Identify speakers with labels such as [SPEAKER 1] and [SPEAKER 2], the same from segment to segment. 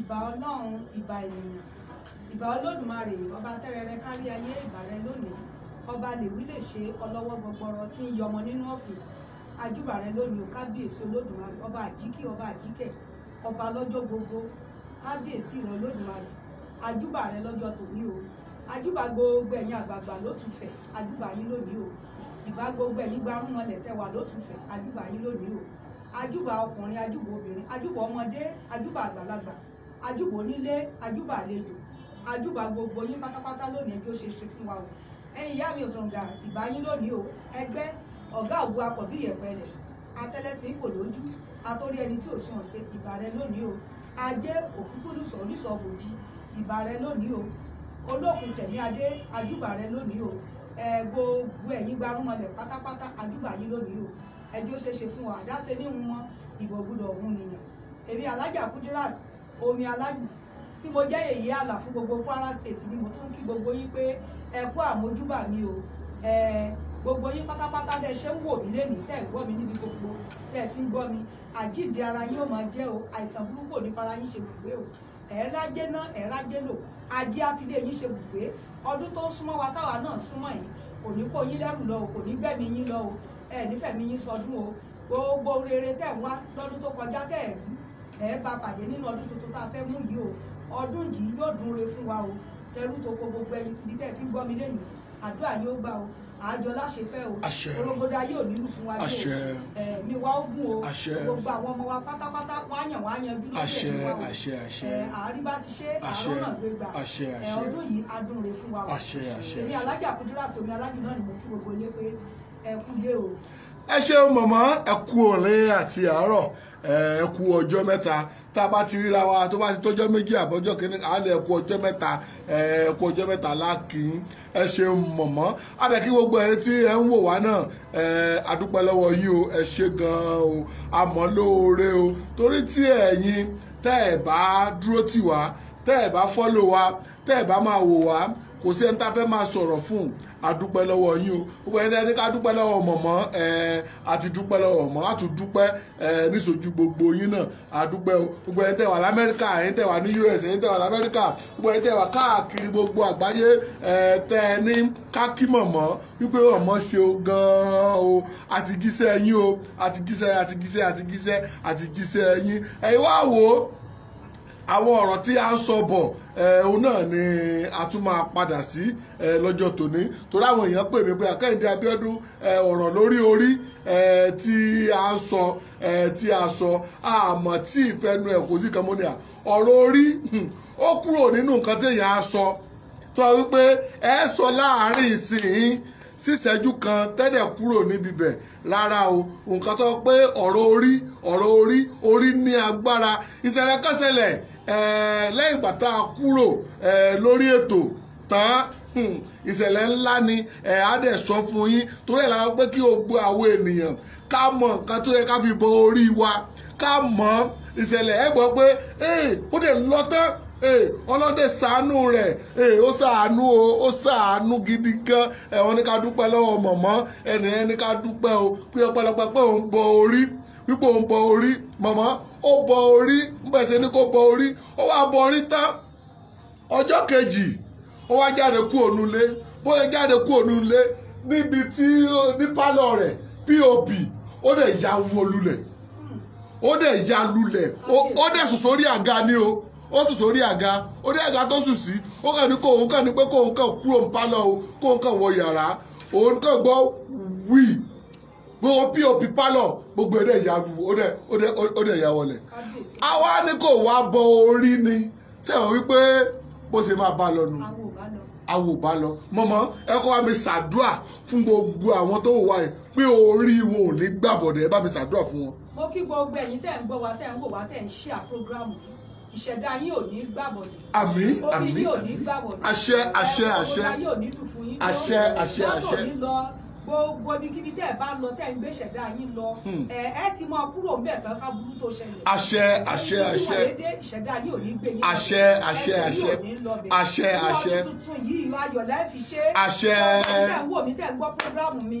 [SPEAKER 1] ìbà ọlọ́run ìbà ènìyàn ìbà olódùmarè ọba tẹ́rẹrẹ kárí ayé ìbà rẹ lónìí ọba lèwí lè ṣe ọlọ́wọ́ gbọgbọrọ tí ń yọmọ nínú ọ̀fìn ajúbà rẹ lónìí o kábíyèsí olódùmarè ọba àjíkì ọba àjíkẹ́ ọba lọ́jọ́ gbogbo kábíyèsí rẹ olódùmarè ajúbà rẹ lọ́jọ́ tòní o ajúbà gbogbo ẹ̀yin àgbààgbà ló tún fẹ̀ ajúbà yín lónìí o ìbá gbogbo ẹ̀yin gbarúmọlẹ̀ tẹwà ajúbà onílé ajúbà àlejò ajúbà gbogbo yín pátápátá lónìí bí ó ṣe ṣe fún wa o ẹ̀yin ìyá mi òsànga ìbáyín lónìí o ẹgbẹ́ ọ̀gá òbu apọ̀ bí ìyẹ̀pẹ̀ rẹ̀ atẹ́lẹsìn kò lójú atórí ẹni tí ò sí wọn ṣe ìbàrẹ̀ lónìí o ajé òkúkúlùsọ oníṣọ̀bòjì ìbàrẹ̀ lónìí o olókùn sẹ̀mí adé ajúbà rẹ lónìí o ẹ gbogbo ẹ̀yin gbarúmọlẹ̀ pátápátá ajúbà yín lónìí o ẹjọ́ ṣeéṣe fún wa àdáṣe níhun wọn ìbò gbúdọ̀ ọ̀hún nìyàn èmi alájà Kudirat omi aládùn tí mo jẹ́ yèyé àlà fún gbogbo Kwara State ni mo tún kí gbogbo yín pé ẹ kú àmójúbà mi o gbogbo yín pátápátá tẹ́ ṣe ń wò mí lénìí tẹ́ gbọ́ mi níbi gbogbo tẹ́ ti ń gbọ́ mi àjíǹde ara yín ò máa jẹ́ o àìsàn burúkú ò ní fara yín ṣe gbùgbé o ẹ̀ẹ́lá jẹ́ náà ẹ̀ẹ́lá jẹ́ lò ajé àfilé yín ṣe gbùgbé ọdún tó ń súnmọ́ wa táwa náà súnmọ́ yìí kò ní kó yín lẹ́rù lọ o kò ní gbẹ̀mí yín lọ o ẹ̀ yín sọdún o gbogbo rere tẹ́ ń wá lọ́dún tó kọjá tẹ́ ẹ̀ ẹ bá pàdé nínú ọdún tuntun tá a fẹ́ mú yìí o ọdún yìí yóò dùn re fún wa o tẹrú tó kó gbogbo ẹyin ti di tẹ́ ẹ ti gbọ́ mi lẹ́yìn àdúrà yóò gbà o àjọ láṣepẹ́ o olóńgbòdá yóò nílù fún wa o ẹ̀mí wa ó gùn o gbogbo àwọn ọmọ wa pátápátá wáyàn wáyàn dúró sí ẹ̀mí wa o àárí bá ti ṣe àárọ̀ náà gbé gbà ọdún yìí adùn rè fún wa o èmi alájà Kudirat omi alájù náà ni mo kí gbogbo ilé pé ẹ kú lé o
[SPEAKER 2] ẹ ṣeun mọ̀mọ́ ẹ kú òrin àti àárọ̀ ẹ kú ọjọ́ mẹ́ta tá a bá ti ríra wa tó bá ti tọ́jọ́ méjì àbọ́jọ́ kìíní àlẹ́ ẹ kú ọjọ́ mẹ́ta ẹ kú ọjọ́ mẹ́ta lákìín ẹ ṣe mọ̀mọ́ àdàkí gbogbo ẹ tí ẹ ń wò wá náà ẹ adúpẹ́ lọ́wọ́ yìí o ẹ ṣe gan-an o àmọ́ lóore o torí tí ẹ̀yin tẹ́ ẹ̀ bá dúró tì wá tẹ́ ẹ̀ bá fọ́lò wa tẹ́ ẹ̀ bá máa wò wá kò sí ẹni tá a fẹ́ máa sọ̀rọ̀ fún àdúpẹ́ lọ́wọ́ yín o gbogbo ẹni tẹ́ni ká dúpẹ́ lọ́wọ́ mọ̀mọ́ àti dúpẹ́ lọ́wọ́ mọ̀ á tún dúpẹ́ níṣojú gbogbo yín náà àdúpẹ́ o gbogbo ẹni tẹ́ wà lamẹ́ríkà ẹni tẹ́ wà ní US ẹni tẹ́ wà lamẹ́ríkà gbogbo ẹni tẹ́ wà káàkiri gbogbo àgbáyé tẹ́ ẹ ní kákí mọ̀mọ́ wípé mọ̀mọ́ ṣe o gan-an o àti gíṣẹ́ yín o àti gíṣẹ́ àti gíṣẹ́ àti gíṣẹ́ àti gíṣẹ́ yín ẹ̀yin àwọn ọ̀rọ̀ tí a ń sọ bọ̀ òun náà ni a tún máa padà sí lọ́jọ́ tòní torí àwọn èèyàn pè mí pé Kẹ́hìndé Abíọ́dún ọ̀rọ̀ lórí orí tí a ń sọ tí a sọ àmọ́ tí ìfẹ́nu ẹ̀ kò sí kan mọ́ ni à ọ̀rọ̀ orí ó kúrò nínú nǹkan téèyàn á sọ tó a wípé ẹ sọ láàárín ìsìn síṣẹ́jú kan tẹ́lẹ̀ kúrò níbi bẹ̀ rárá o nǹkan tó pé ọ̀rọ̀ orí ọ̀rọ̀ orí orí ní agbára ìṣẹ̀lẹ̀ kan Eh, lẹ́yìn ìgbà tá a kúrò eh, lórí ètò tán hmm, ìṣẹ̀lẹ̀ ńlá ni eh, adẹ̀ sọ fún yín torí ẹ̀ la pé kí o gbọ́ àwọn ènìyàn ká mọ nǹkan tó yẹ ká fi bọ orí wa ká mọ ìṣẹ̀lẹ̀ ẹ̀ gbọ́ pé ó dẹ̀ lọ tán ọlọ́dẹ ṣàánú rẹ̀ ó ṣàánú o ó ṣàánú gidi gan ẹ̀wọ̀n ní ká dúpẹ́ lọ́wọ́ mọ̀mọ́ ẹnìyẹn ní ká dúpẹ́ o pé ọpẹ́lọpẹ́ pé òun bọ orí wípé òun bọ orí mọ̀mọ́ ó bọ orí nígbàtí ní kó bọ orí ó wá bọ orí tán ọjọ́ kejì ó jáde kú ònulé bó ṣe jáde kú ònulé níbi tí ní pálọ̀ rẹ̀ pop ó dẹ̀ ya wọ ó dẹ̀ ya lulẹ̀ ó dẹ̀ ni o ó sùn sórí àga ó àga tó sùn ní òun kàn ní kúrò ń pálọ̀ o kó òun kàn wọ yàrá òun gbogbo pop pálọ̀ gbogbo ẹ̀dẹ̀ ìyanu ó dẹ̀ ya wọlẹ̀ àwa ni kò wá bọ orí ni sẹ́wọ̀n wípé bó ṣe máa bá lọ nù àwọn ò bá lọ mọ̀mọ́ ẹ kọ́ wa mi ṣàdúrà fún gbogbo àwọn tó wà yìí pé orí wọn ò ní gbàbọ̀dẹ̀ ẹ bá mi ṣàdúrà fún wọn.
[SPEAKER 1] mo kí gbogbo ẹ̀yin tẹ́ ń gbọ́ wa tẹ́ ń wò wá tẹ́ ń ṣíà prógráàmù yìí ìṣẹ̀dá yín ò ní gbàbọ̀dẹ̀.
[SPEAKER 2] àmín àmín
[SPEAKER 1] àṣẹ àṣẹ àṣẹ àṣẹ àṣẹ àṣẹ àṣẹ gbogbo ibikíbi tẹ́ ẹ bá lọ tẹ́ ẹ ń gbé ṣẹ̀dá yín lọ hmm. ẹ ti máa kúrò ń bẹ̀ tán ká burú tó ṣẹlẹ̀.
[SPEAKER 2] àṣẹ àṣẹ àṣẹ
[SPEAKER 1] ìṣẹ̀dá yín ò ní gbé yín lọ àṣẹ àṣẹ àṣẹ àṣẹ àṣẹ tuntun yìí ayọ̀ lẹ́ẹ̀ fi ṣe é. àṣẹ ẹ ń wò mí tẹ́ ń gbọ́ prógráàmù mi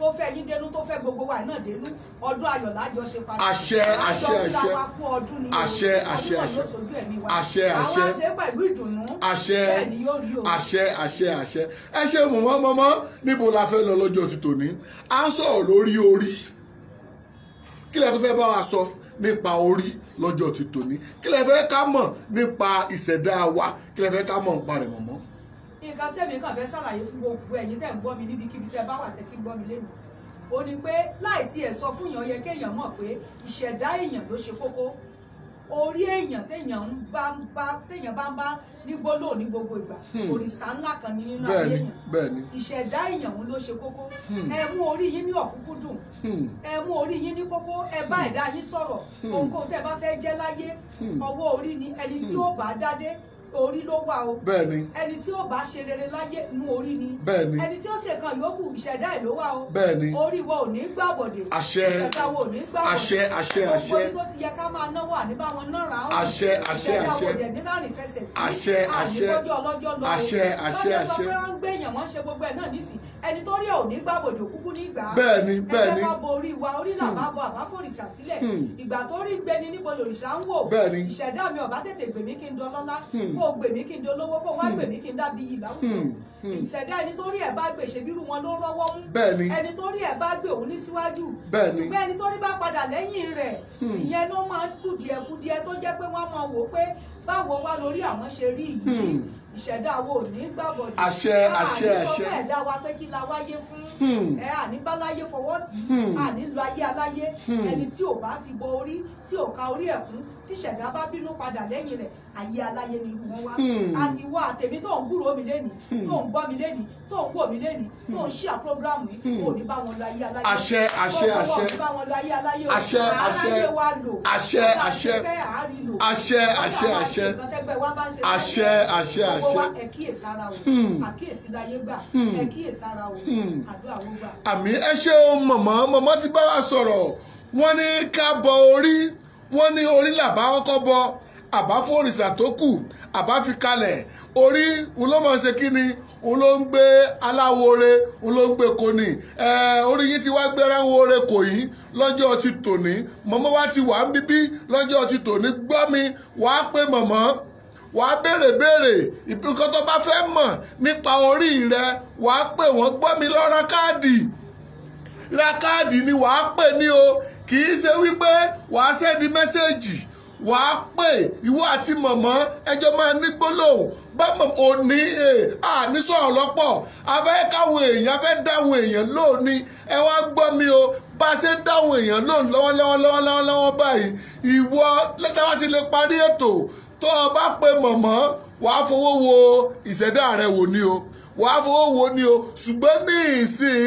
[SPEAKER 1] tó fẹ́ yín dénú tó fẹ́ gbogbo wa náà dénú ọdún ayọ̀ lájọ ṣe pàtàkì àṣẹ àṣẹ àṣẹ àṣẹ àṣẹ àṣẹ àṣẹ àṣẹ pẹ̀lú ìdùnnú bẹ́ẹ̀ ni yóò rí o.
[SPEAKER 2] àṣẹ àṣẹ àṣẹ ẹ ṣe mọ̀mọ́ mọ́mọ́ níbo la fẹ́ lọ lọ́jọ́ ti tòní à ń sọ̀rọ̀ lórí orí kí lẹ tó fẹ́ nípa orí lọ́jọ́ ti tòní kí fẹ́ ká mọ̀ nípa ìṣẹ̀dá wa kí fẹ́ ká mọ̀ nípa rẹ̀ mọ̀mọ́
[SPEAKER 1] nǹkan tí èmi kàn fẹ́ ṣàlàyé fún gbogbo ẹ̀yin tẹ́ ń gbọ́ mi níbikíbi tẹ́ bá wà tẹ́tí gbọ́ mi lẹ́nu ó ní pé láì tiẹ̀ sọ fún èèyàn yẹ kéèyàn mọ̀ pé ìṣẹ̀dá èèyàn ló ṣe kókó orí èèyàn téèyàn ń bá ń bá téèyàn bá ń bá ní gbólóò ní gbogbo ìgbà hmm. òrìṣà ńlá kan ní nínú ayé
[SPEAKER 2] èèyàn
[SPEAKER 1] ìṣẹ̀dá èèyàn ń ló ṣe kókó hmm. ẹ mú orí yín ní ọ̀kúnkúndùn hmm. ẹ mú orí yín ní kókó ẹ bá ẹ̀dá yín sọ̀rọ̀ ohunkóhun tẹ́ bá fẹ́ jẹ́ láyé ọwọ́ orí ni ẹni tí ó bá dádé orí ló wà o. bẹ́ẹ̀ni. ẹni tí ó bá ṣe rere láyé nu orí ni. bẹ́ẹ̀ni. ẹni tí ó ṣe kan yòókù ìṣẹ̀dá ẹ̀ ló wà o. bẹ́ẹ̀ni. orí wa ò ní gbà bọ̀dẹ̀. àṣẹ ìṣẹ̀dá wa ò ní gbà bọ̀dẹ̀. àṣẹ àṣẹ àṣẹ. gbogbo ibi tó ti yẹ ká máa náwó àníbá wọn náà rà á. àṣẹ àṣẹ àṣẹ. ìṣẹ̀dá wa ò dẹ̀ ní láàrin fẹsẹ̀ sí. àṣẹ àṣẹ àṣẹ àṣẹ àṣẹ àṣẹ. lọ́jọ́ sọ pé èèyàn wọn ṣe gbogbo ẹ̀ náà nísì ẹni tó rí ẹ̀ ò ní gbà bòdì òkúkú kó o gbè mí kí n dolówó kó o wá gbè mí kí n dábì yìí láwùjọ hmm, hmm. ìṣẹ̀dá ẹni tó rí ẹ̀ bá gbè ṣe bírú wọn ló rọ́wọ́ mú ẹni tó rí ẹ̀ bá gbè òun ní síwájú ṣùgbọ́n ẹni tó rí bá padà lẹ́yìn rẹ̀ hmm. ìyẹn ló máa ń kùdìẹ̀kùdìẹ̀ tó jẹ́ pé wọ́n máa wò pé báwo wá lórí àwọn ṣe rí yìí ìṣẹ̀dá wo ní gbàgbọ́ ní. àṣẹ àṣẹ àṣẹ àní sọ bẹ́ẹ̀ dá wa pé kí la wáyé fún. ẹ àní báláyé fọwọ́ tì í àní lọ ayé aláyé ẹni tí ò bá ti bo orí tí ò ka orí ẹ̀kún tí ṣẹ̀dá bá bínú padà lẹ́yìn rẹ̀ ayé aláyé ni irú wọn wá àtiwá hmm. àtèmi tó ń gbúròó mi lẹ́nìí hmm. tó ń gbọ́ mi lẹ́nìí tó ń wò mí lẹ́nìí tó ń ṣíà hmm. prógráàmù yìí kò ní bá wọn lọ ayé aláyé àṣẹ àṣẹ àṣẹ àṣẹ àṣẹ àṣẹ àṣẹ àṣẹ àṣẹ àṣẹ àṣẹ àṣẹ àṣẹ àkíyèsára o àkíyèsí láyé gbà ẹkíyèsára o àdúrà wọn gbà.
[SPEAKER 2] àmì ẹ ṣé o mọ̀mọ́ mọ̀mọ́ ti bá wa sọ̀rọ̀ wọ́n ní ká bọ orí wọ́n ní orí làbá kọ́kọ́ bọ àbá fòrìṣà tó kù àbá fi kalẹ̀ orí òun ló mọ̀ ṣe kí ni òun ló ń gbé aláwore òun ló ń gbé koni orí yìí ti wá gbé aláwore kò yìí lọ́jọ́ ti tòní mọ̀mọ́ wa ti wà ń bíbí lọ́jọ́ ti tòní gbọ́ mi wàá pé mọ̀mọ́ wàá béèrè béèrè nǹkan tó bá fẹ́ mọ̀ nípa orí rẹ wàá pè wọ́n gbọ́ mi lọ́ra káàdì La káàdì ni wàá pè ní o kì í ṣe wípé wàá sẹ́ndí mẹ́sẹ̀gì wàá pè ìwọ àti mọ̀mọ́ ẹjọ́ máa ní gbólóhùn bá mọ̀mọ́ ò e, ní àní sọ̀rọ̀ lọ́pọ̀ afẹ́ káwọn èèyàn afẹ́ dáwọn èèyàn lóòní ẹ wá gbọ́ mi o bá a ṣe ń dáwọn èèyàn lóòní lọ́wọ́lọ́wọ́ lọ́wọ́lọ́wọ́ báyìí ìwọ lẹ́tà wá ti lè parí ètò tó o bá pe mọ̀mọ́ wàá fowó wo ìṣẹ̀dá rẹ wò ni o wàá fowó wo ni o ṣùgbọ́n ní ìsìn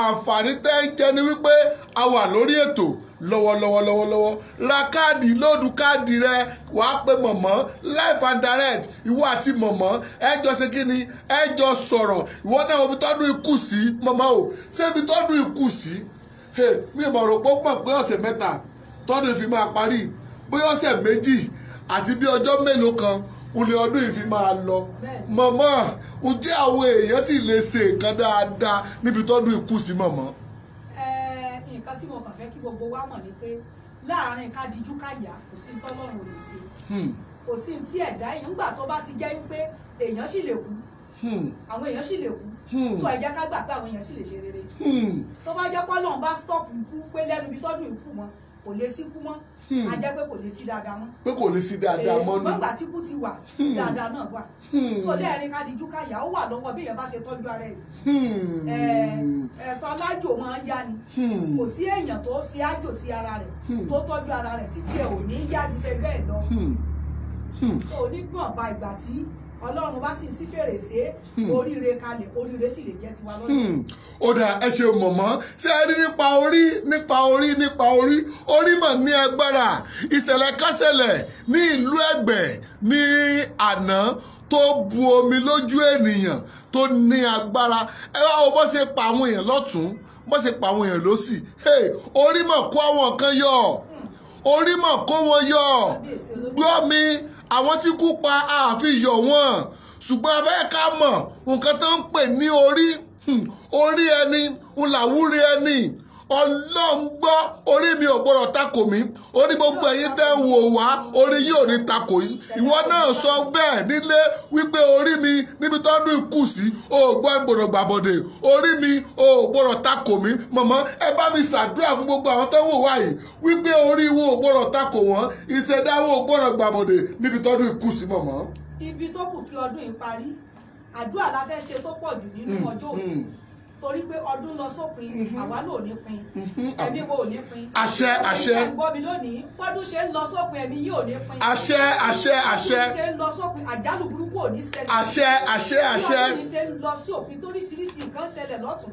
[SPEAKER 2] àǹfààní tẹ́ ń jẹ ni wípé a wà lórí ètò lọ́wọ́lọ́wọ́lọ́wọ́ ra káàdì lóòdù káàdì rẹ wàá pe mọ̀mọ́ life and direct ìwọ àti mọ̀mọ́ ẹ jọ ṣe kí ni ẹ jọ sọ̀rọ̀ ìwọ náà omi tọ́dún ikú sí mọ̀mọ́ o ṣé ibi tọ́dún ikú sí mi ò mọ̀ rò pé ó mọ̀ pé ọ̀sẹ̀ mẹ́ta tọ́dún fi máa parí bóyá ọ̀sẹ̀ méjì àti bí ọjọ́ mélòó kan olè ọdún yìí fi máa lọ màmá ǹjẹ́ àwọn èèyàn ti lè ṣe nǹkan dáadáa níbi tọ́dún ikú sí màmá.
[SPEAKER 1] nǹkan tí mo kàn fẹ́ kí gbogbo wa mọ̀ ni pé láàárín ká dijú ká yà kò sí tọ́lọ́run ò lè ṣe hmm. kò sí tí ẹ̀dá èèyàn gbà tó bá ti jẹ́ wípé èèyàn sì lè kú hmm. àwọn èèyàn sì lè kú tó hmm. ẹ̀já ká gbà pé àwọn èèyàn sì lè ṣe rere tó bá jẹ́ pé Ọlọ́run bá stop ikú pé lẹ́nu ibi tọ́dún ikú wọn kò lè sí kú mọ́ hmm. a jẹ́ pé kò lè sí dáadáa mọ́.
[SPEAKER 2] pé kò lè sí dáadáa eh, mọ́ nù. nígbà
[SPEAKER 1] tí ti wà hmm. dáadáa náà wà. tó hmm. lẹ́ẹ̀rin ká dijú ká ó wà lọ́wọ́ bí èèyàn bá ṣe tọ́jú ara ẹ̀ sí. ẹ̀ẹ̀tọ́ eh, eh, alájò máa ń yá ni kò sí èèyàn tó ṣe ájò sí ara rẹ̀ tó tọ́jú ara rẹ̀ títí ẹ̀ ò ní yá ti ṣe bẹ́ẹ̀ lọ. ò ní gbọ̀n ba ìgbà tí ọlọ́run bá sì sí fèrèsé hmm. oríire kalẹ̀ oríire sì lè jẹ́ tiwa lọ́dún. Hmm.
[SPEAKER 2] ó dà ẹ ṣe mọ̀mọ́ ṣé ẹ rí nípa orí nípa orí nípa orí orí mà ní agbára ìṣẹ̀lẹ̀ kásẹ̀lẹ̀ ní ìlú ẹ̀gbẹ́ ní àná tó bu omi lójú ènìyàn tó ní agbára ẹ wá wo bó ṣe pa àwọn èèyàn lọ́tún bó ṣe pa àwọn èèyàn lọ́sì orí mà kó àwọn kan yọ hmm. orí mà kó wọn yọ gbọ́ mi àwọn tí kú pa àfi yọ̀ wọ́n ṣùgbọ́n abẹ́ ká mọ̀ nǹkan tó ń pè ní orí hmm, orí ẹni ń làwúrí ẹni ọlọ́run gbọ́ orí mi ò gbọ́dọ̀ takò mí orí gbogbo ẹ̀yin tẹ́ wò wá orí yìí ò ní takò yín ìwọ náà sọ bẹ́ẹ̀ nílé wípé orí mi níbi tó ń dún ikú sí ò gbọ́ gbọ́dọ̀ gbàbọ̀dẹ̀ orí mi ò gbọ́dọ̀ takò mí mọ̀mọ́ ẹ bá mi ṣàdúrà fún gbogbo àwọn tó ń wò wá yìí wípé orí wo ò gbọ́dọ̀ takò wọ́n ìṣẹ̀dá wo ò gbọ́dọ̀ gbàbọ̀dẹ̀ níbi tó ń dún ikú sí mọ̀mọ́.
[SPEAKER 1] ibi tó kù kí ọdún yìí parí àdúrà la fẹ́ ṣe tó pọ̀ jù nínú hmm, ọjọ́ torí pé ọdún lọ sópin àwa ló ní pin ẹbí wo ní pin.
[SPEAKER 2] àṣẹ àṣẹ
[SPEAKER 1] ẹ̀yin lónìí bọ́dún ṣe ń lọ sópin ẹbí yìí ní pin. àṣẹ àṣẹ àṣẹ ṣe ń lọ sópin àjálù burúkú ò ní ṣẹlẹ̀. àṣẹ àṣẹ àṣẹ ṣe ń lọ sí òpin toríṣiríṣi nǹkan ṣẹlẹ̀ lọ́tún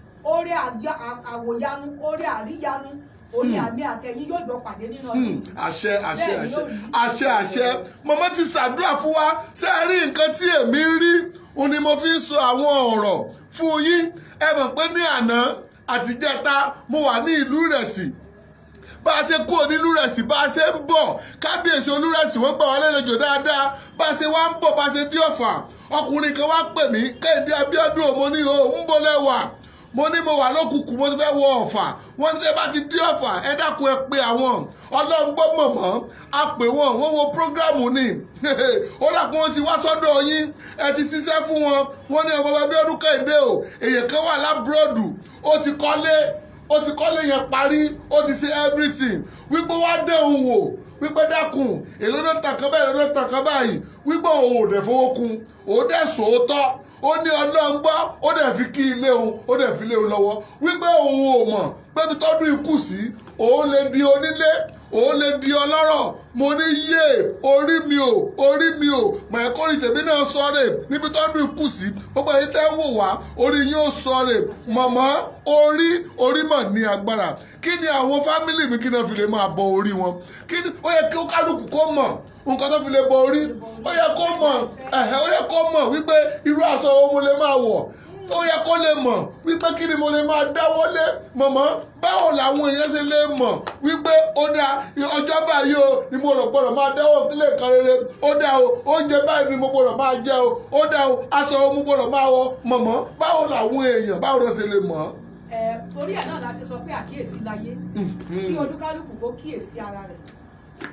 [SPEAKER 1] orí àwòyanu orí àríyanu orí hmm. àmì àtẹ̀yìn yóò jọ pàdé nínú ọdún. Hmm.
[SPEAKER 2] àṣẹ àṣẹ àṣẹ àṣẹ àṣẹ màmá ti ṣàdúrà fún wa ṣé ẹ rí nǹkan tí èmi rí òun ni mo fi ń sọ àwọn ọ̀rọ̀ fún yín ẹ mọ̀ pé ní àná àtijẹ́ta mo wà ní ìlú Ìrẹsì bá a ṣe kúrò ní lúrẹ̀sì bá a ṣe ń bọ̀ kábíyèsí olúrẹ̀sì wọ́n gbà wá lẹ́lẹ́jọ́ dáadáa bá a ṣe wá ń bọ̀ bá a ṣe dí ọ̀fà ọkùnrin kan wá pè mí kéde Abíọ́dún òmò ní o ń bọ̀ lẹ́wà mo ní mo wà lókùnkùn mo ti fẹ́ wọ ọ̀fà wọ́n ní tẹ́ bá ti dé ọ̀fà ẹ dákun ẹ pé àwọn ọlọ́ngbọ́n mọ̀mọ́ a pè wọ́n wọ́n wo prógráàmù ni ó rà pé wọ́n ti wá sọ́dọ̀ yín ẹ ti ṣiṣẹ́ fún wọn wọ́n ní ọmọ bàbá ọdún kẹ́hìndé o èyàn kan wà lábúròdù ó ti kọ́lé ó ti kọ́lé yẹn parí ó ti ṣe everything wípé wá dẹ̀hùn wò wípé dákun èlò náà tàn kan báyìí èlò náà tàn kan báyìí wípé òun ò dẹ̀ fowó kun òun dẹ̀ sòótọ́ ó ní ọlọ́run gbọ́ ó dẹ̀ fi kí ilé òun ó dẹ̀ fi lé òun lọ́wọ́ wípé òun ò mọ̀ pé títọ́dún ikú sí òun lè di onílé òun lè di ọlọ́rọ̀ mo ní yé orí mi ò orí mi ò mọ̀ẹ́kọ́rì tèmi náà sọ̀rẹ̀ níbi tọ́dún ikú sí gbogbo yìí tẹ́ wò wá orí yín sọ̀rẹ̀ mọ̀mọ́ orí orí mà ní agbára kí ni àwọn fámìlì mi kí náà fi lè máa bọ orí wọn kí ni ó yẹ kí ó kálukú kó mọ̀ nǹkan tó fi lè bọ orí ó yẹ kó mọ̀ ó yẹ kó mọ̀ wípé irú aṣọ wo mo lè máa wọ̀ ó yẹ kó lè mọ̀ wípé kí ni mo lè máa dáwọ́ lé mọ̀mọ́ báwo làwọn èèyàn ṣe lè mọ̀ wípé ó dáa ọjọ́ báyìí o ni mo rò gbọ́dọ̀ máa dáwọ́ nílé kan rere ó dáa o oúnjẹ báyìí ni mo gbọ́dọ̀ máa jẹ o ó dáa o aṣọ mo gbọ́dọ̀ máa wọ mọ̀mọ́ báwo làwọn èèyàn báwo ló ṣe lè mọ̀
[SPEAKER 1] torí ẹ̀ náà la ṣe sọ pé àkíyèsí láyé hmm, hmm. kí olúkálùkù kó kíyèsí ara rẹ̀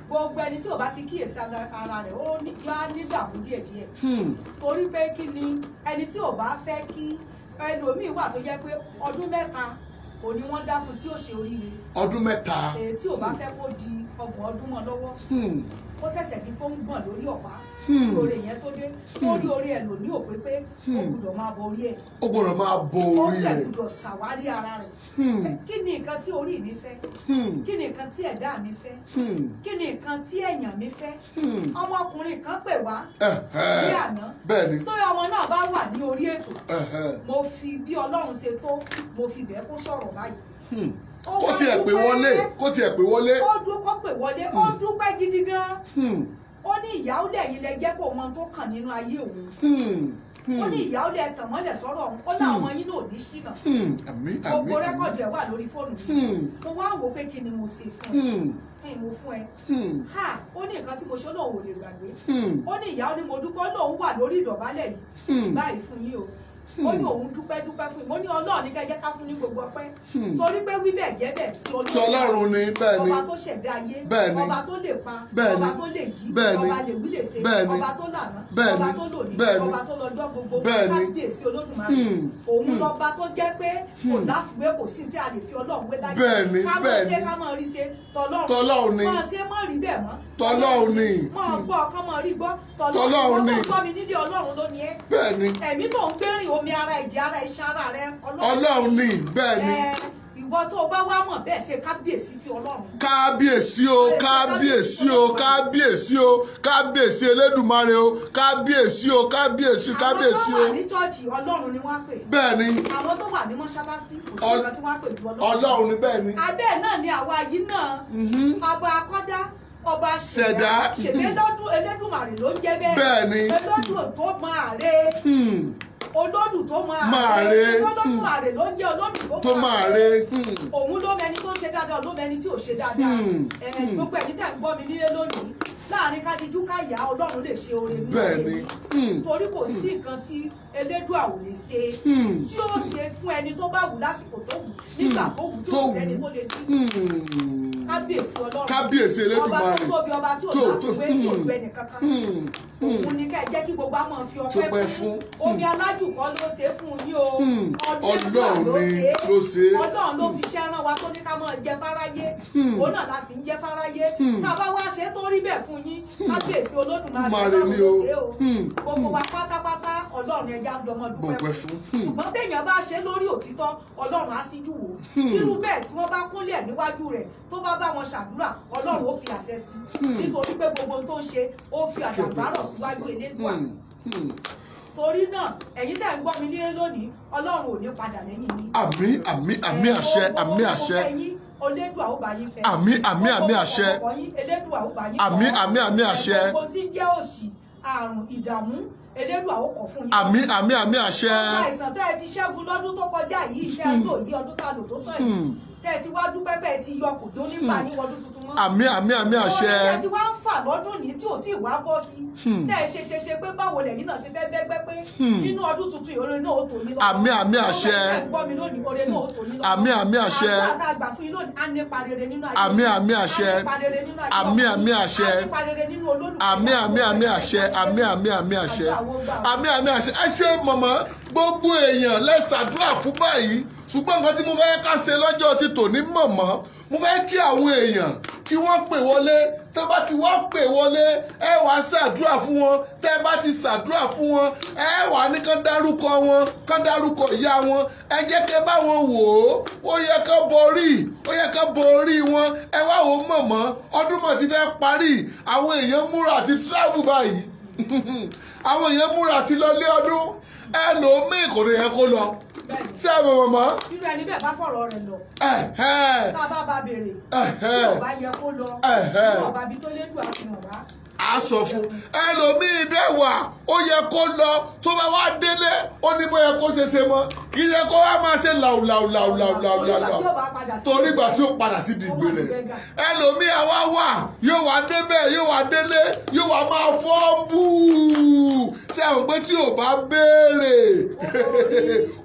[SPEAKER 1] gbogbo ẹni tí o bá ti kíyèsí ara rẹ̀ ó yá nídààmú díẹ̀díẹ̀ hmm. torí pé kí ni ẹni tí o bá fẹ́ kí ẹlòmíín wà tó yẹ pé ọdún mẹ́ta kò ní wọ́n dá fún tí ó ṣe oríire. ọdún mẹ́ta. èyí tí ò bá fẹ́ kó di ọgbọ̀n ọdún mọ́ lọ́wọ́. Hmm ó ṣẹ̀ṣẹ̀ di kó ń gbọ̀n lórí ọ̀pá hmm. orí yẹn tó dé orí hmm. orí ẹ̀ lò ní òpé pé ó hmm. gbọ́dọ̀ máa bo orí ẹ̀ ó gbọ́dọ̀ máa bo orí rẹ̀ ó gbọ́dọ̀ ṣàwárí ara rẹ̀ kí ni nǹkan tí orí mi fẹ́ kí ni nǹkan tí ẹ̀dá mi fẹ́ kí ni nǹkan tí ẹ̀yàn mi fẹ́ ọmọkùnrin kan pè wá ní àná tó ọmọ náà bá wà ní orí ètò mo fi bí Ọlọ́run ṣe tó mo fi bẹ́ẹ̀ kó sọ̀rọ̀ báyìí kó tiẹ̀ pè wọlé kó tiẹ̀ pè wọlé. ó dún kó pè wọlé ó hmm. dúpẹ́ gidi gan hmm. ó ní ìyáwólẹ̀ yìí lẹ jẹ́ kó mọ tó kàn nínú ayé òun hmm. ó ní ìyáwólẹ̀ tàn mọ́lẹ̀ sọ̀rọ̀ òun ó láwọn yín náà ní ṣìnà gbogbo rẹ́kọ̀dì ẹ̀ wà lórí fóònù mi mo wá wò pé kí ni mo ṣe fún un mo fún ẹ ha ó ní nǹkan tí mo ṣe lóun ò lè gbàgbé ó ní ìyáwó ni mo dúpọ́ lóun wà lórí ìdọ̀bálẹ̀ yìí báyìí fún ó hmm. ní òun dúpẹ́ dúpẹ́ fún ìmọ̀ ní ọlọ́run ní kẹjẹ́ ká fún ní gbogbo ọpẹ́ hmm. torí pé wí bẹ́ẹ̀ tí ọlọ́run ni ọba tó ṣẹ̀dá ayé ọba tó lè pa ọba tó lè jí ọba lè wí ṣe ọba tó lànà ọba tó lòdì ọba tó lọ́jọ́ gbogbo kábíyèsí olódùmarè hmm. òun lọ́ba tó jẹ́ pé kò láfiwé kò sí tí a lè fi ọlọ́run wé láyé ká mọ̀ ṣe ká mọ̀ rí ṣe tọlọ́run mọ̀ ṣe mọ̀ rí bẹ́ẹ̀ mọ́ omi ara ẹ̀jẹ̀ ara iṣẹ́ ara rẹ ọlọ́run
[SPEAKER 2] ni bẹ́ẹ̀ ni
[SPEAKER 1] ìwọ tó bá wá mọ̀ bẹ́ẹ̀ ṣe kábíyèsí fi ọlọ́run.
[SPEAKER 2] kábíyèsí o kábíyèsí o kábíyèsí o kábíyèsí elédùmarè o kábíyèsí o kábíyèsí kábíyèsí o. àwọn tó wà ní
[SPEAKER 1] chọ́ọ̀chì ọlọ́run ni wọ́n pè. bẹ́ẹ̀ ni. àwọn tó wà ní mọ́ṣáláṣí òṣèlú tí wọ́n pè ju ọlọ́run. ọlọ́run ni bẹ́ẹ̀ ni. abẹ́ náà ni àwa yìí náà. Mhm. ọba akọ́dá ọba ṣẹ̀dá ṣèlélọ́dún elédùmarè ló ń jẹ́ bẹ́ẹ̀. ni olódù tó máa re olódùmarè ló jẹ́ olódù tó máa
[SPEAKER 2] re hmm.
[SPEAKER 1] òun ló mẹni tó ṣe dáadáa ló mẹni tí ò ṣe dáadáa hmm, hmm. gbogbo ẹni tẹ̀ ń gbọ́ mi nílé lónìí láàrin kájíjú káyà ọlọ́run lè ṣe oore
[SPEAKER 2] mi
[SPEAKER 1] torí kò sí nǹkan tí elédùà ò lè ṣe hmm. tí ó ṣe fún ẹni tó bá wù lásìkò tó wù
[SPEAKER 2] hmm. nígbà tó wù tí ó sẹ́ni tó lè dí hmm.
[SPEAKER 1] kábíyèsí ọlọ́run ọba tó tóbi ọba tí ò láfiwé tí ò lu ẹnì òun ni ká ẹ kí gbogbo àmọ́ fi ọpẹ́ fún omi alájù ló ṣe fún un ní o ọlọ́run ló ṣe ọlọ́run ló fi ṣẹ́ rán wa tó ní ká máa jẹ fáráyé òun náà la sì ń jẹ fáráyé tá bá wá ṣe tó rí bẹ́ẹ̀ fún yín kábíyèsí olódùmarè ọlọ́run ló ṣe o gbogbo wa pátápátá ọlọ́run ẹja bí ọmọ dúpẹ́ fún ṣùgbọ́n téèyàn bá ṣe lórí òtítọ́ ọlọ́run á síjú wò tírú hmm. bẹ́ẹ̀ tí wọ́n bá kúnlẹ̀ níwájú rẹ̀ tó bá bá wọn ṣàdúrà ọlọ́run ó fi àṣẹ sí hmm. Hmm. nítorí pé gbogbo tó ń ṣe ó fi àdàbárọ̀ síwájú elédùà torí náà ẹ̀yin tẹ̀ ń gbọ́ mi ní lónìí ọlọ́run ò ní padà lẹ́yìn mi.
[SPEAKER 2] àmì àmì àmì àṣẹ àmì àṣẹ
[SPEAKER 1] olédùà ó yín fẹ́. àmì àmì àmì àṣẹ àmì àmì àmì àṣẹ. gbogbo tí jẹ́ òṣì àrùn ìdààmú elédùn àwòkọ̀ fún yín. àmì àmì àmì àṣẹ. ọjọ́ àìsàn tẹ́ ẹ ti ṣẹ́gun lọ́dún tó kọjá yìí tẹ́ ẹ lò yí ọdún tá tó tọ̀ yìí hmm tẹ́ ẹ ti wá dúpẹ́ bẹ́ẹ̀ ti yọ kò tó nípa níwọ̀n hmm. ọdún tuntun mọ́. àmì
[SPEAKER 2] àmì àmì àṣẹ. ọ̀rọ̀ tẹ́ ti
[SPEAKER 1] wá ń fà lọ́dún ní tí ò tí ì wá bọ́ sí. Hmm. tẹ́ ẹ ṣe ṣe ṣe pé báwo lẹ̀yìn náà ṣe fẹ́ bẹ́gbẹ́ pé hmm. nínú ọdún tuntun ìhòòrè náà ó tò ní lọ. àmì àmì àṣẹ. àmì àmì àṣẹ. àmì àmì àṣẹ. àmì àmì àṣẹ. àmì àmì àmì àṣẹ. àmì àmì
[SPEAKER 2] àmì àṣẹ.
[SPEAKER 1] àmì àmì àṣẹ. ẹ
[SPEAKER 2] ṣe mọ̀mọ́ gbogbo èèyàn lẹ́sàdúrà fún báyìí ṣùgbọ́n nǹkan tí mo fẹ́ ká ṣe lọ́jọ́ ti tòní mọ̀mọ́ mo fẹ́ kí àwọn èèyàn kí wọ́n pè wọlé tẹ́ bá ti wá pè wọlé ẹ wá ṣàdúrà fún wọn tẹ́ bá ti ṣàdúrà fún wọn ẹ wá ní kán dárúkọ wọn kán dárúkọ ìyá wọn ẹ jẹ́ kẹ́ bá wọn wò ó ó yẹ kán borí ó yẹ kán borí wọn ẹ wá wò ó mọ̀mọ́ ọdún mọ̀ ti fẹ́ parí àwọn èèyàn múra àti travel báyìí àwọn èèyàn múra àti lọ lé ọdún ẹ lòó mí ìkòrè yẹn kó lọ ṣé ẹ mọ̀ mọ̀mọ́.
[SPEAKER 1] irú ẹni bẹ́ẹ̀ bá fọ̀rọ̀ rẹ̀ lọ. tá a bá ba béèrè tí ò bá yẹ kó lọ tí ò bá bi tó lé dùn àfihàn wá
[SPEAKER 2] a sọ fún ẹlòmíín dẹ́wà ó yẹ kó lọ tó bá wá délé ó ní bóyá kó ṣe ṣe mọ́ kì í yẹ kó wá máa ṣe làwùlàwùlàwùlàwùlàwù torí ìgbà tí ó padà sí ibi ìgbélé ẹlòmíín àwa wà yóò wá débẹ̀ yóò wá délé yóò wá máa fọ́ búù ṣe àwọn pé tí ò bá béèrè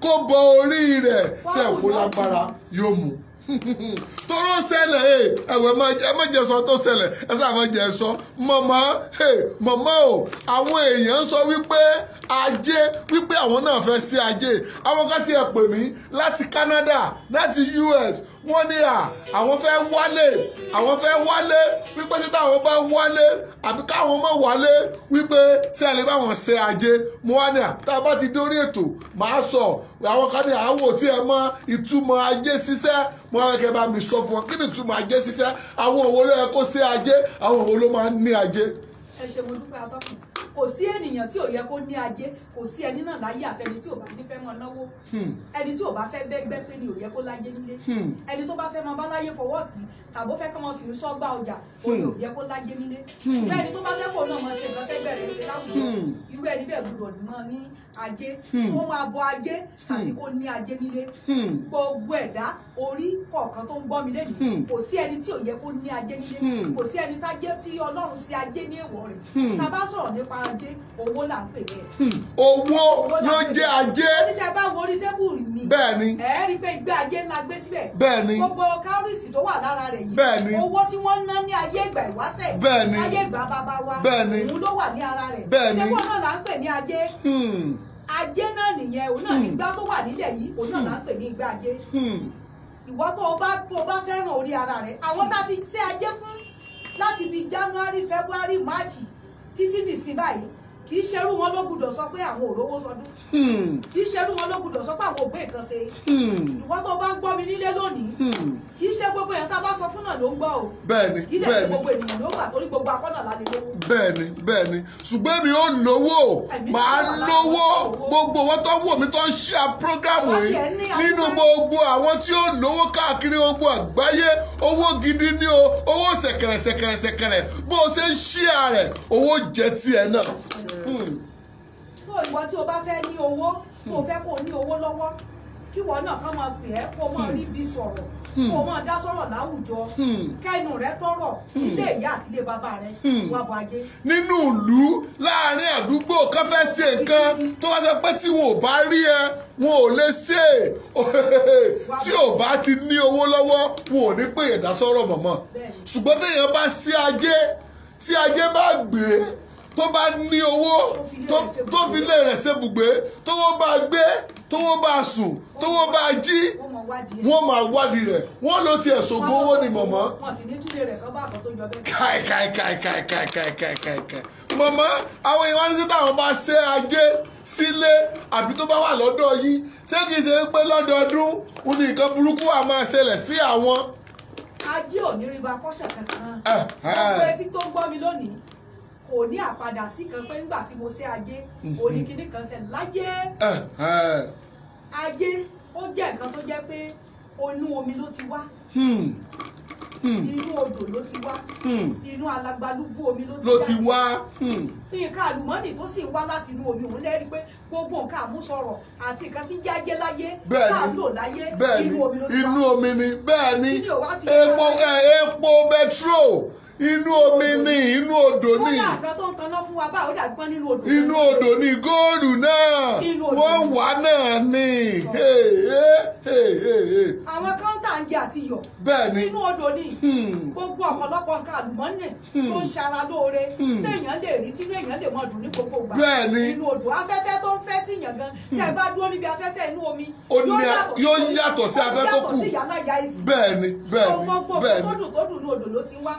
[SPEAKER 2] kó bọ orí rẹ̀ ṣe àwọn kó lágbára yóò mú. tóró ṣẹlẹ̀ ẹ̀wẹ̀ ẹ má jẹ sọ tó ṣẹlẹ̀ ẹ sáà má jẹ sọ mọ̀mọ́ mọ̀mọ́ o àwọn èèyàn sọ wípé ajé wípé àwọn náà fẹ́ sí ajé àwọn kan ti ẹ̀ pè mí láti Canada láti US wọ́n ní à àwọn fẹ́ wálé àwọn fẹ́ wálé wípé títà àwọn bá wálé àbí káwọn mọ̀ wálé wípé ṣé ẹ lè bá wọn ṣe ajé mo wá ní à tá a bá ti dórí ètò màá sọ àwọn kan ní àwọ̀ tí ẹ mọ ìtumọ̀ ajé ṣiṣẹ́ mo máa kẹ́ bá mi sọ fún ọ kí ni ìtumọ̀ ajé ṣiṣẹ́ àwọn òwò ló yẹ kó ṣe ajé àwọn òwò ló máa ń ní ajé.
[SPEAKER 1] ẹ ṣe mo dúpẹ́ atọ́kùn kò sí ènìyàn tí ò yẹ kó ní ajé kò sí ẹni náà láyé àfẹni tí ò bá nífẹ̀ẹ́ mọ́ náwó hmm. ẹni tí ò bá fẹ́ bẹ́gbẹ́ pé ni ò yẹ kó lájé nílé hmm. ẹni tó bá fẹ́ mọ bá láyé fọwọ́ tì í tàbó fẹ́ kọ́ mọ fi sọ́ gbá ọjà ó ní hmm. ò yẹ kó lájé nílé ṣùgbọ́n ẹni tó bá fẹ́ kó náà mọ ṣe nǹkan tẹ́gbẹ́ rẹ̀ ṣe láwùjọ irú ẹni bẹ́ẹ̀ gbọdọ̀ náà ní ajé kó máa bọ ajé tàbí kó ní ajé nílé gbogbo ẹ̀dá orí kọ̀ọ̀kan tó ń gbọ́ mi lẹ́nu kò sí ẹni tí ò yẹ kó ní ajé nílé kò sí ẹni tájé tí Ọlọ́run sí ajé ní èèwọ̀ rẹ̀ tá a bá sọ̀rọ̀ nípa máa dé owó là ń pè bẹ́ẹ̀. Hmm, owó ló jẹ́ ajé. oníjà bá wo orí tẹ́bùrì mi. bẹ́ẹ̀ni. ẹ rí i pé ìgbé ajé ńlá gbé síbẹ̀. bẹ́ẹ̀ni. gbogbo káórìsì tó wà lára rẹ̀ yìí. bẹ́ẹ̀ni. owó tí wọ́n ná ní ayé ìgbà ìwásẹ̀. bẹ́ẹ̀ni. ayé ìgbà bàbá wa. bẹ́ẹ̀ni. òun ló wà ní ara rẹ̀. bẹ́ẹ̀ni. ṣé wọn náà là ń pè ní ajé hmm. ajé náà nìyẹn òun náà nígbà hmm. tó wà nílẹ̀ yìí òun náà là ń pè ní igbá ajé ìwọ tó o bá tó o bá fẹ́ràn orí ara rẹ àwọn tá ti ṣe ajé fún láti bíi january february march títí dì sí báyìí kì í ṣerú wọn ló gbúdọ̀ sọ pé àwọn òrówó sọdún hmm. kì í ṣerú wọn ló gbúdọ̀ sọ pé àwọn ògbé nǹkan hmm. ìwọ tó bá ń gbọ́ mi nílé lónìí hmm. kì í ṣe gbogbo èèyàn tá a bá sọ fún náà ló ń gbọ́ o
[SPEAKER 2] bẹ́ẹ̀ni bẹ́ẹ̀ni kì í dẹ̀ ṣe gbogbo
[SPEAKER 1] ènìyàn ló gbà torí gbogbo akọ́nà láti lówó.
[SPEAKER 2] bẹ́ẹ̀ni bẹ́ẹ̀ni ṣùgbọ́n mi ò lówó màá lówó gbogbo wọn tó wò mí tó ń ṣe àprógrámù yìí nínú gbogbo àwọn tí ó lówó káàkiri gbogbo àgbáyé owó gidi ni o owó sẹ̀kẹ̀rẹ̀ sẹ̀kẹ̀rẹ̀ sẹ̀kẹ̀rẹ̀ bó o ṣe ń ṣí ààrẹ owó jẹ́ tiẹ̀ náà tó hmm.
[SPEAKER 1] ìwọ tí o bá fẹ́ ní owó tó hmm. fẹ́ kó ní owó lọ́wọ́ kí wọn náà kàn máa gbé ẹ kó máa hmm. ríbi sọ̀rọ̀ kó máa dá sọ̀rọ̀ láwùjọ kẹnu rẹ tọrọ ilé ìyá àti ilé bàbá rẹ wà bọ ajé.
[SPEAKER 2] nínú ìlú láàrin àdúgbò kan fẹ́ ṣe nǹkan tó wá sọ pé tí wọn ò bá rí ẹ wọn ò lè ṣe tí ò bá ti ní owó lọ́wọ́ wọn ò ní pè é dá sọ̀rọ̀ mọ̀mọ́ ṣùgbọ́n téèyàn bá ṣí ajé tí ajé bá gbé tó bá ní owó tó fi lè rẹ̀ ṣe bùgbé tówó bá gbé tówó bá sùn tówó bá jí wọ́n máa wádìí rẹ̀ wọ́n ló tiẹ̀ ṣògùn owó ni mọ̀mọ́. kàìkàìkàìkàìkàìkàìkàìkàìkàì mọ̀mọ́ àwọn èèyàn wá ní títà àwọn bá ṣe ajé sílé àbí tó bá wà lọ́dọ̀ yìí ṣé kìí ṣe pé lọ́dọọdún ní nǹkan burúkú á máa ṣẹlẹ̀ sí àwọn.
[SPEAKER 1] ajé ò ní rí ba kọ́ṣẹ̀ kankan. ọ̀pọ̀ ah, etí ah. tó ń gbọ́ mi lónìí kò ní àpadà sí kan pé nígbà tí mo ṣe ajé mhm. òní kinní kan ṣe lájé ajé ó jẹ́ nǹkan tó jẹ́ pé inú omi ló ti wá hmm. Hmm. inú odò ló ti wá hmm. inú alagbalúgbú omi ló ti wá nǹkan àlùmọ́nì tó sì wá láti inú omi òun lẹ́rí pé gbogbo nǹkan àmúsọ̀rọ̀ àti nǹkan tí jájẹ́ láyé káàlò láyé inú omi ló ti wá inú
[SPEAKER 2] omi ni bẹ́ẹ̀ ni epo eh, epo bẹtrol inú omi ni inú odò ni
[SPEAKER 1] inú odò
[SPEAKER 2] ni góòlù náà wọ́n wà náà ni.
[SPEAKER 1] àwọn kọ́ńtà ń jẹ àti yọ̀ inú odò ni hmm. gbogbo ọ̀pọ̀lọpọ̀ nǹkan àlùmọ́nì hmm. tó ń ṣara lóore hmm. téèyàn lè rí tínú èèyàn lè mọ dùn ní gbogbo ìgbà inú odò afẹ́fẹ́ tó ń fẹ́ sí yàn gan tẹ́ ẹ bá dúró níbi afẹ́fẹ́ inú omi yóò yàtọ̀ sí afẹ́fẹ́ tó kù bẹ́ẹ̀ ni bẹ́ẹ̀
[SPEAKER 2] ni bẹ́ẹ̀ ni. ọmọ gbogbo tó dùn
[SPEAKER 1] tó dùn ní odò ló ti wá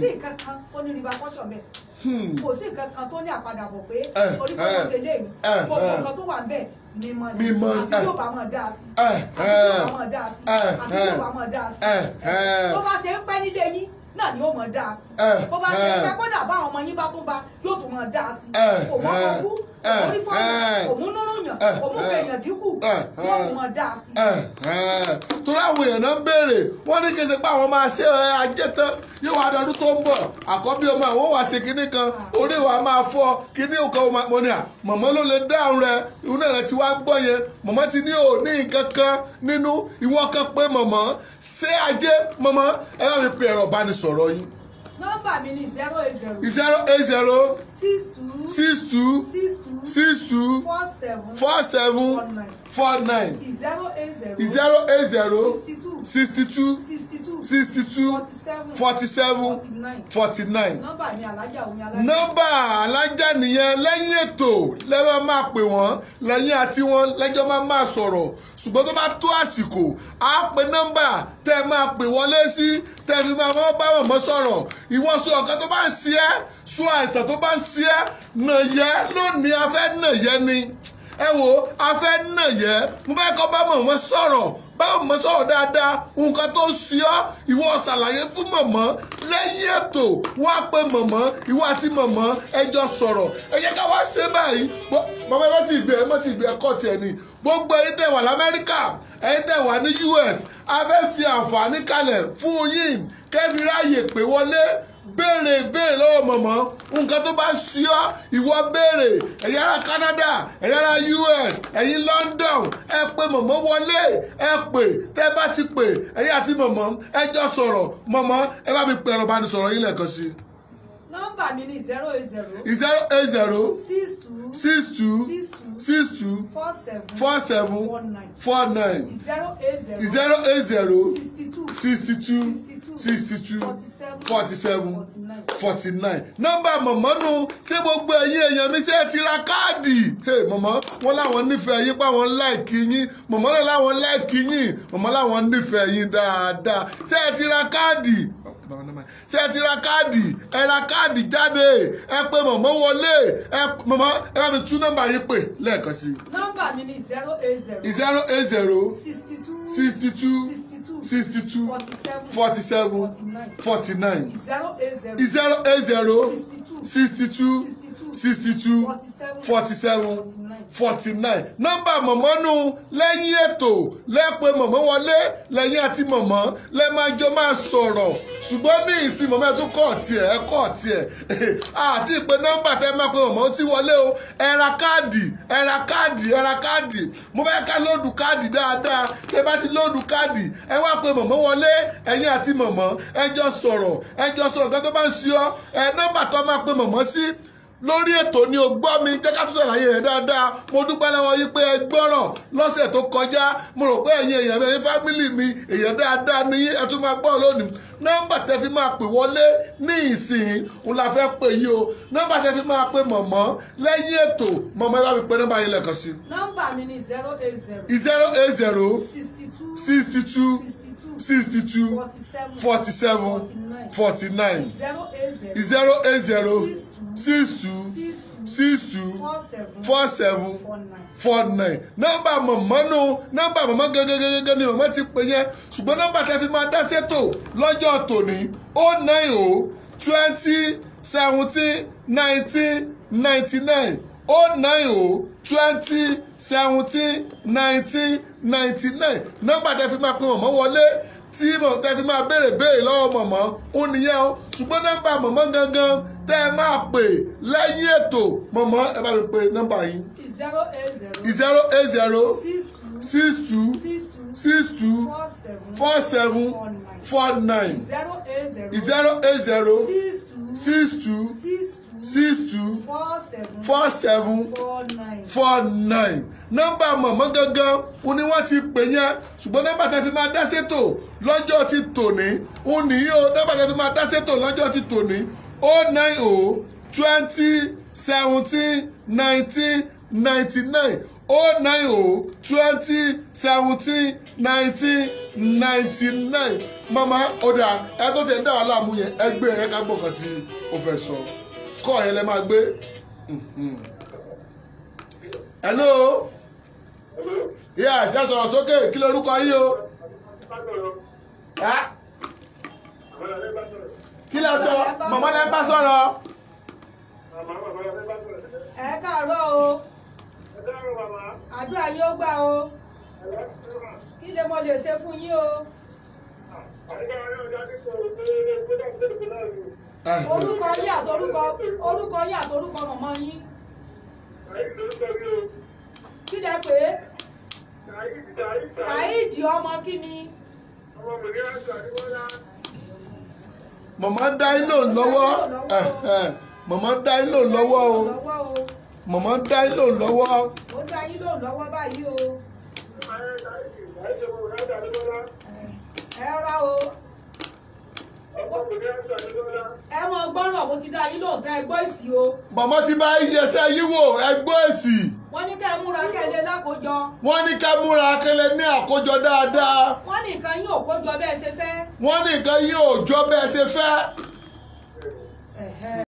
[SPEAKER 1] sí nǹkan kan tó ní river culture bẹ́ẹ̀ hmm. kò sí nǹkan kan tó ní àpadàbọ̀ pé eh, orí kò eh, ṣe léyìí eh, gbogbo nǹkan tó wà bẹ́ẹ̀ mímọ́ ni àfi yóò bá mọ̀ dáa sí
[SPEAKER 2] àfi yóò bá
[SPEAKER 1] mọ̀ dáa sí àfi yóò bá mọ̀ dáa sí tó bá ṣe ń pẹ́ nílé yín náà ni ó mọ̀ dáa sí bó bá ṣe ń pẹ́ kódà bá àwọn ọmọ yín bá tún ba yóò tún mọ̀ dáa sí kò mọ́
[SPEAKER 2] kó orí eh, fọ́ọ̀mù eh,
[SPEAKER 1] òmúnúròyàn eh, òmúgbẹ̀yàn
[SPEAKER 2] dínkù wọ́n mú wọn dá sí i. torí àwọn èèyàn náà ń béèrè wọ́n ní kí n ṣe pé àwọn máa ṣe ajé tán kan ah. orí wa máa kini kinní kan mo ní à mọ̀mọ́ ló lè dáhùn rẹ ìwúnà rẹ ti wá gbọ́ yẹn mọ̀mọ́ ti ní ò ní nǹkan kan nínú kan pé mọ̀mọ́ ṣé ajé mọ̀mọ́ ẹ bá mi pe ẹ̀rọ ìbánisọ̀rọ̀ yín
[SPEAKER 1] nọ́mbà mi ni zero eight zero. zero eight zero. six two.
[SPEAKER 2] six two. six two. six two.
[SPEAKER 1] four seven. four
[SPEAKER 2] seven. four nine. four nine.
[SPEAKER 1] zero eight zero. zero eight zero. sixty two. sixty two
[SPEAKER 2] sixty two forty seven forty nine
[SPEAKER 1] nọ́mbà alájà
[SPEAKER 2] nìyẹn lẹ́yìn ètò lẹ́wọ́n máa pè wọ́n lẹ́yìn àti wọn lẹ́jọ́ máa máa sọ̀rọ̀ ṣùgbọ́n tó bá tó àsìkò á pe nọ́mbà tẹ́ ẹ máa pè wọlé sí tẹ́ ẹ fi máa mọ́ bá wọn mọ́ sọ̀rọ̀ ìwọ sọ ọ̀kan tó bá ń ṣe ẹ́ sọ àìsàn tó bá ń ṣe ẹ́ nàyẹ́ lónìí afẹ́ nàyẹ́ ni ẹ wo afẹ́ nàyẹ́ mo fẹ́ kọ́ bá mọ̀ wọ́n sọ̀rọ̀ bá mọ̀ sọ̀rọ̀ dáadáa nǹkan tó sí ọ́ ìwọ ṣàlàyé fún mọ̀mọ́ lẹ́yìn ètò wá pé mọ̀mọ́ ìwọ àti mọ̀mọ́ ẹjọ́ sọ̀rọ̀ ẹ jẹ́ ká wá ṣe báyìí bàbá ẹ ti gbé ẹ mọ̀ ti gbé ẹ kọ́ tiẹ̀ ni gbogbo ẹ̀yin tẹ́ wà lamẹ́ríkà ẹ̀yin tẹ́ wà ní US a fẹ́ fi àǹfààní kalẹ̀ fún yín kẹ́fì ráàyè pé wọlé béèrè béèrè lọ́wọ́ mọ̀mọ́ nǹkan tó bá sí ọ́ ìwọ béèrè ẹ̀yin ará Canada ẹ̀yin ará US ẹ̀yin London ẹ pè mọ̀mọ́ wọlé ẹ pè tẹ́ bá ti pè ẹ̀yin àti mọ̀mọ́ ẹ jọ sọ̀rọ̀ mọ̀mọ́ ẹ bá mi pè ẹ̀rọ ìbánisọ̀rọ̀ yín lẹ́ẹ̀kan sí
[SPEAKER 1] i mi ni zero eight zero. zero eight zero. six two. six two. six two. four seven. four seven. nine. four nine. zero eight zero. zero eight zero. sixty two.
[SPEAKER 2] sixty two. sixty two sixty two forty seven forty nine nọ́mbà mọ̀mọ́ nu ṣé gbogbo ẹ̀yin èèyàn mi ṣe ti ra káàdì mọ̀mọ́ wọn láwọn nífẹ̀ẹ́ yín páwọn láìkì yín mọ̀mọ́ náà láwọn láìkì yín mọ̀mọ́ láwọn nífẹ̀ẹ́ yín dáadáa ṣé ti ra káàdì ṣé ẹ ti ra káàdì ẹ ra káàdì jáde ẹ pé mọ̀mọ́ wọlé ẹ mọ̀mọ́ ẹ bá mi tú nọ́mbà yín pè lẹ́ẹ̀kan sí.
[SPEAKER 1] nọ́mbà mi ni zero eight zero. zero eight zero. sixty two.
[SPEAKER 2] sixty two.
[SPEAKER 1] sixty sixty two
[SPEAKER 2] forty seven forty nine
[SPEAKER 1] zero eight
[SPEAKER 2] zero sixty two sixty two forty seven forty nine nọ́mbà mọ̀mọ́ nù lẹ́yìn ètò lẹ́pẹ́ mọ̀mọ́ wọlé lẹ́yìn àti mọ̀mọ́ lẹ́ máa jọ máa sọ̀rọ̀ ṣùgbọ́n ní ìsìn mọ̀mọ́ ẹ̀ tún kọ̀ tiẹ̀ ẹ̀ kọ̀ tiẹ̀ àti ìpè nọ́mbà tẹ́ máa pe mọ̀mọ́ ti wọlé o ẹ ra káàdì ẹ ra káàdì ẹ ra káàdì mo fẹ́ ká lóòdù káàdì dáadáa tẹ́ bá ti lóòdù káàdì ẹ wá pe mọ̀mọ́ wọlé ẹ̀yin àti mọ̀mọ́ ẹ jọ sọ̀rọ̀ ẹ sọ̀rọ̀ gẹ́gẹ́ bá ń ṣe lórí ètò ni o gbọ́ mi jẹ́ ká tún ṣàlàyé rẹ̀ dáadáa mo dúpẹ́ lọ́wọ́ yín pé ẹ gbọ́ràn lọ́sẹ̀ tó kọjá mo rò pé ẹ̀yin èèyàn mi fámìlì mi èèyàn dáadáa ni ẹ tún máa gbọ́ lónìí nọ́mbà tẹ fi máa pè wọlé ní ìsìn òun la fẹ́ pè yí o nọ́mbà tẹ fi máa pè mọ̀mọ́ lẹ́yìn ètò mọ̀mọ́ ẹ bá mi pè nọ́mbà yín lẹ́ẹ̀kan sí.
[SPEAKER 1] nọ́mbà mi ni zero eight zero.
[SPEAKER 2] zero eight zero. sixty two. sixty two. sixty two. forty seven. forty nine. zero eight zero six
[SPEAKER 1] two six two four seven
[SPEAKER 2] four nine nọ́mbà mọ̀mọ́ nù nọ́mbà mọ̀mọ́ gẹ́gẹ́gẹ́gẹ́ ni mọ̀mọ́ ti pè yẹn ṣùgbọ́n nọ́mbà tẹ́ fi máa dá sétò lọ́jọ́ tòní ó nine o twenty seventeen nineteen ninety nine ó nine o twenty seventeen nineteen ninety nine nọ́mbà tẹ́ fi máa pè mọ̀mọ́ wọlé tí mọ̀mọ́ tẹ́ fi máa béèrè béèrè lọ́wọ́ mọ̀mọ́ ó nìyẹn o ṣùgbọ́n nọ́mbà mọ̀mọ́ gangan tẹ́ ẹ máa pè lẹ́yìn ètò mọ̀mọ́ ẹ bá mi pe nọ́mbà yín.
[SPEAKER 1] zero eight zero.
[SPEAKER 2] zero eight zero. six two. six two. six two four seven four nine
[SPEAKER 1] zero eight
[SPEAKER 2] zero six two six two
[SPEAKER 1] four seven
[SPEAKER 2] four nine nọ́mbà mọ̀mọ́ gangan òun ni wọ́n ti pè yẹn ṣùgbọ́n nọ́mbà tẹ́ fi máa dá sétò lọ́jọ́ ti tòní òun nìyí o nọ́mbà tẹ́ fi máa dá sétò lọ́jọ́ ti tòní oh nine oh twenty seventeen nineteen ninety nine oh nine oh twenty seventeen nineteen ninety nine mama ọ̀dà ẹ tó tẹ̀ ń dà wá láàmú yẹn ẹ gbé e, ẹ ká gbọ́ nǹkan tí o fẹ́ sọ kọ́ yẹn lẹ máa gbé. Mhm. hello yes ẹ sọ̀rọ̀ sókè kí lorúkọ yín o kí lẹ sọ màmá lẹ bá sọ̀rọ̀. ẹ káàárọ̀ o
[SPEAKER 1] àdúrà yóò gbà o kí lè mo lè ṣe fún yín o. orúkọ yín àtorúkọ orúkọ yín àtorúkọ màmá yín. kí lẹ pè é. ọmọ kí ni. ọmọ mòdìrà sọ àdìwọ́lá
[SPEAKER 2] mọ̀mọ́ dá iná lọ́wọ́ mọ̀mọ́ dá iná lọ́wọ́ o mọ̀mọ́ dá iná lọ́wọ́.
[SPEAKER 1] ó dá iná lọ́wọ́ báyìí o. ẹ ra o ẹ mọ
[SPEAKER 2] gbọ́rọ̀ mo ti dá yín lóòótọ́ ẹ gbọ́ èsì o. màmá ti bá ìyẹsẹ yín wò ẹ gbọ́ èsì.
[SPEAKER 1] wọ́n ní ká ẹ múra kẹ́lẹ́ lákòójọ.
[SPEAKER 2] wọ́n ní ká múra kẹ́lẹ́ ní àkójọ dáadáa.
[SPEAKER 1] wọ́n ní nǹkan yín ò kójọ bẹ́ẹ̀ ṣe fẹ́. wọ́n ní nǹkan yín ò jọ bẹ́ẹ̀ ṣe fẹ́.